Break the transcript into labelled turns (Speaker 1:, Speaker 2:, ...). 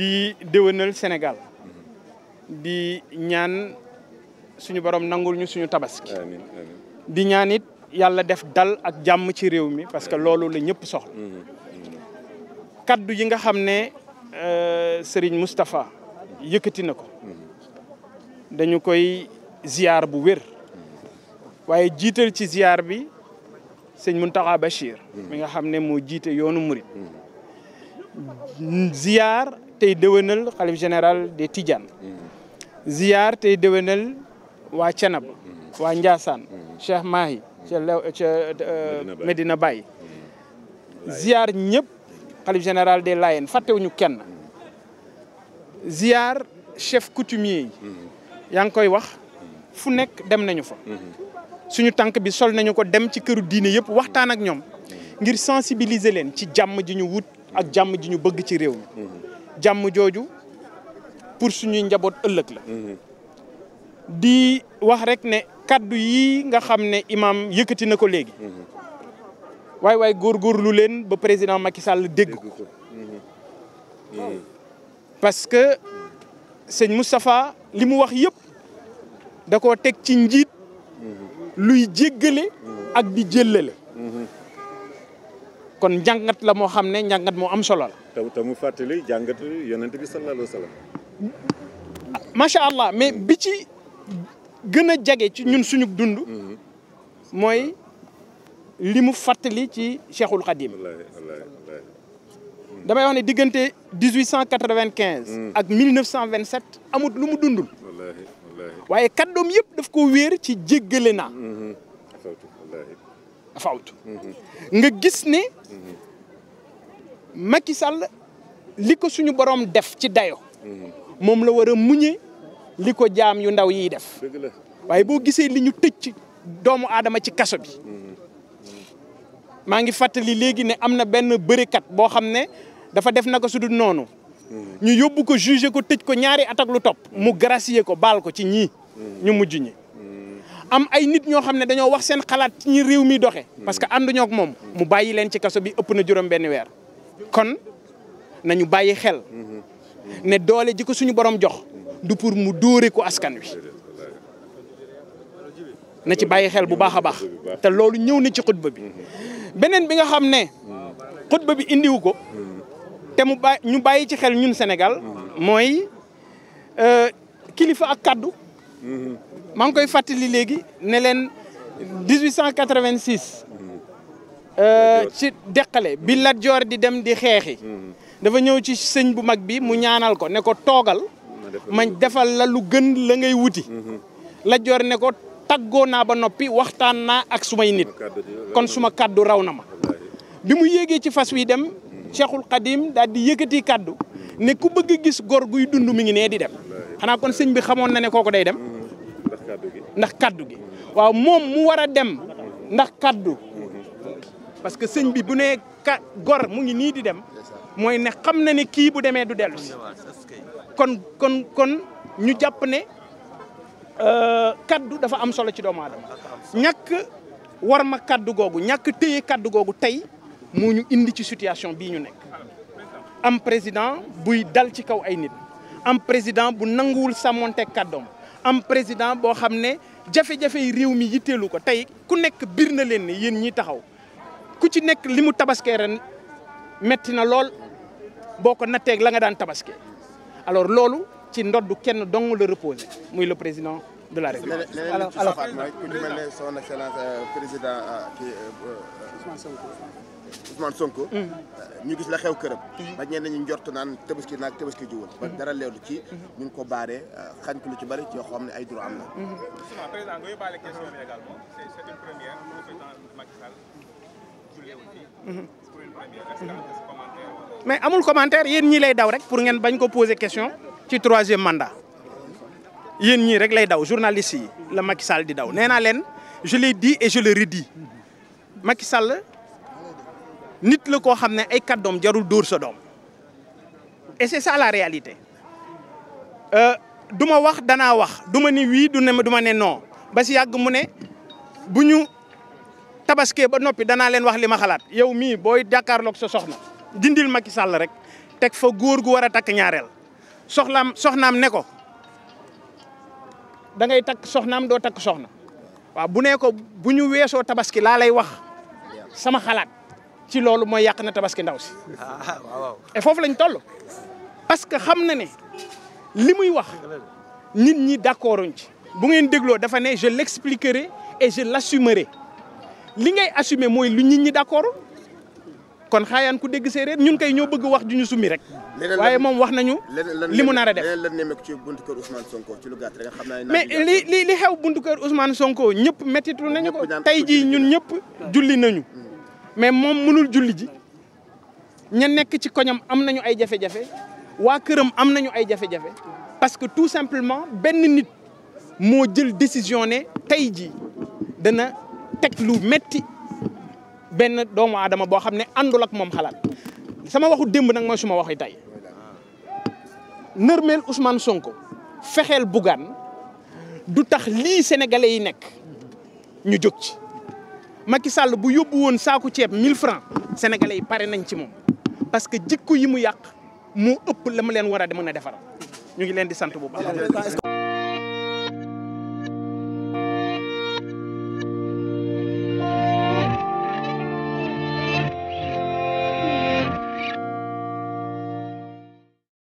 Speaker 1: di déwénal Sénégal di ñaan suñu borom nangul suñu tabaski di ñaan it yàlla def dal ak jàmm ci réew mi parce que loolu la ñëpp soxla mm-hmm, mm-hmm. kaddu yi nga xam ne euh, Serigne Moustapha yëkkati na ko mm-hmm. dañu koy ziar bu wér waaye jiital ci ziar bi sëñ Mountakha Bachir mi nga xam ne moo jiite yoonu murit ziar tey déwénal xalif général des Tidiane mm. ziar tey déwénal waa Cenaba mm. waa Ndiassane mm. Cheikh Mahi ca lew ca euh, Medina Baye ziar ñëpp xalif général des Layène fàttewuñu kenn ziar chef coutumier yi yaa ngi koy wax fu nekk dem nañu fa mm-hmm. suñu tànk bi sol nañu ko dem ci këru diine yëpp waxtaan ak ñoom ngir sensibiliser leen ci jàmm ji ñu wut ak jàmm ji ñu bëgg ci réew mi mm-hmm. jàmm jooju pour suñuy njaboot ëllëg la di wax rek ne kaddu yi nga xam ne imaam yëkkati na ko léegi waay waay góorgóorlu leen ba président Macky Sall dégg ko parce que sëñ Moustapha li mu wax yëpp da ko teg ci njiit luy jéggale ak di jëllale kon njàngat la moo xam ne njàngat moo am solo la. te te mu fàttali jàngat yonent bi sallallahu alayhi wa allah mais bi ci gën a jage ci ñun suñu dund. Mhm. mooy li mu fàttali ci Cheikhul Khadim. Mhm. damay wax ne diggante dix huit cent quatre mhm. ak mille neuf vingt sept amut lu mu dundul. waaye kat doom yëpp daf ko wéer ci jéggale naa. dafa nga gis ne. Macky Sall li ko suñu borom def ci dayo moom la war a muñe li ko jaam yu ndaw yiy def waaye boo gisee li ñu tëj ci doomu aadama ci kaso bi maa ngi fàttali léegi ne am na benn bërekat boo xam ne dafa def naka su dul noonu ñu yóbbu ko jugé ko tëj ko ñaari at ak lu topp mu gracier ko baal ko ci ñii ñu mujj ñi am ay nit ñoo xam ne dañoo wax seen xalaat ci ñi réew mi doxe parce que ànduñoo ak moom mu bàyyi leen ci kaso bi ëpp na juróom benn weer kon nañu bàyyi xel ne doole ji ko suñu borom jox du pour mu dóore ko askan wi na ci bàyyi xel bu baax a baax te loolu ñëw na ci xutba bi beneen bi nga xam ne xutba bi indiwu ko te mu bàyyi ñu bàyyi ci xel ñun senegal mooy euh, kilifa ak kaddu mhm. maa ngi koy fàttali léegi ne leen 1886 Euh, ci deqale bi Lat Joor di dem di xeexi hmm. dafa ñëw ci sëñ bu mag bi mu ñaanal ko ne ko toogal ma defal la lu gën la ngay wuti hmm. Lat Joor ne ko taggoo naa ba noppi waxtaan naa ak sumay nit kon suma kàddu raw na ma bi mu yéegee ci fas wi dem Cheikhul Khadim daal di yëkkati kàddu ne ku bëgg gis gor guy dund mi ngi nee di dem xanaa kon sëñ bi xamoon na ne ko day dem hmm. ndax kàddu gi waaw moom mu war a dem ndax kàddu parce que sëñ bi bu nee gor mu ngi nii di dem mooy ne xam na ne kii bu demee du dellu si kon kon kon ñu jàpp ne euh, kàddu dafa am solo ci doomu aadama ñàkk war ma kaddu googu ñàkk téye kàddu googu tey moo ñu indi ci situation bii ñu nekk am président buy dal ci kaw ay nit am président bu nanguwul sàmmonte kàddoom am président boo xam ne jafe-jafe yi réew mi yitteelu ko tey ku nekk biir na leen ne yéen ñi taxaw ku ci nekk li mu tabaskee ren metti na lool boo ko natteeg la nga daan tabaskee alors loolu ci ndodd kenn dong la reposer muy le président de la République. alors alors euh, ku ñu mel ne son excellence euh, président kii euh, Ousmane Sonko. Mm. ñu gis la xew këram. Mm-hmm. ba ñenn ñi njort naan tabaski naag tabaski jiwul. ba mm-hmm. dara leelu ci. Mm-hmm. ñu ngi ko baare xañ ko lu ci bëri ci yoo xam ne ay droit am na. mais amul commentaire yéen ñii lay daw rek pour ngeen bañ ko poser question ci troisième mandat yéen ñii rek lay daw journaliste yi la Macky Sall di daw nee naa leen je l'ai dit et je le redis Macky Sall nit la koo xam ne ay kàddoom jarul dóor sa doom et c'est ça la réalité euh, du ma wax danaa wax du ma ni oui du ne du ma ne non ba si yàgg mu ne bu ñu tabaske ba noppi danaa leen wax li ma xalaat yow mii booy jàkkaarloog sa soxna dindil Macky Sall rek teg fa góor gu war a takk ñaareel soxlaam soxnaam ne ko da ngay takk soxnaam doo takk soxna waaw bu ne bu ñu weesoo tabaski laa lay wax sama xalaat ci loolu mooy yàq na tabaski ndaw si. Ah, et foofu lañ toll parce que xam na ne li muy wax nit ñi d'accorduñ ci. bu ngeen dégloo dafa ne je l'expliquerai et je l'assumerai li ngay assumer mooy lu nit ñi d'accord kon xaayaan ku dégg séeréer ñun kay ñoo bëgg wax ju ñu summi rek. waaye moom wax nañu. li mu nar a def leneen lan ci buntu kër Ousmane xam naa mais li li li xew buntu kër Ousmane Sonko ñëpp méttitu nañu ko. tey jii ñun ñëpp julli nañu. mais moom mënul julli ji ña nekk ci koñam am nañu ay jafe-jafe waa këram am nañu ay jafe-jafe parce que tout simplement benn nit moo jël décision ne tey jii dana. teg lu metti benn doomu aadama boo xam ne àndul ak moom xalaat sama waxu démb nag mooy suma waxi tey nërmeel Ousmane Sonko fexeel Bougane du tax lii sénégalais yi nekk ñu jóg ci Macky Sall bu yóbbu woon saaku ceeb 1000 francs sénégalais yi pare nañ ci moom parce que jikko yi mu yàq moo ëpp la mu leen war a mën a defaral ñu ngi leen di sant bu baax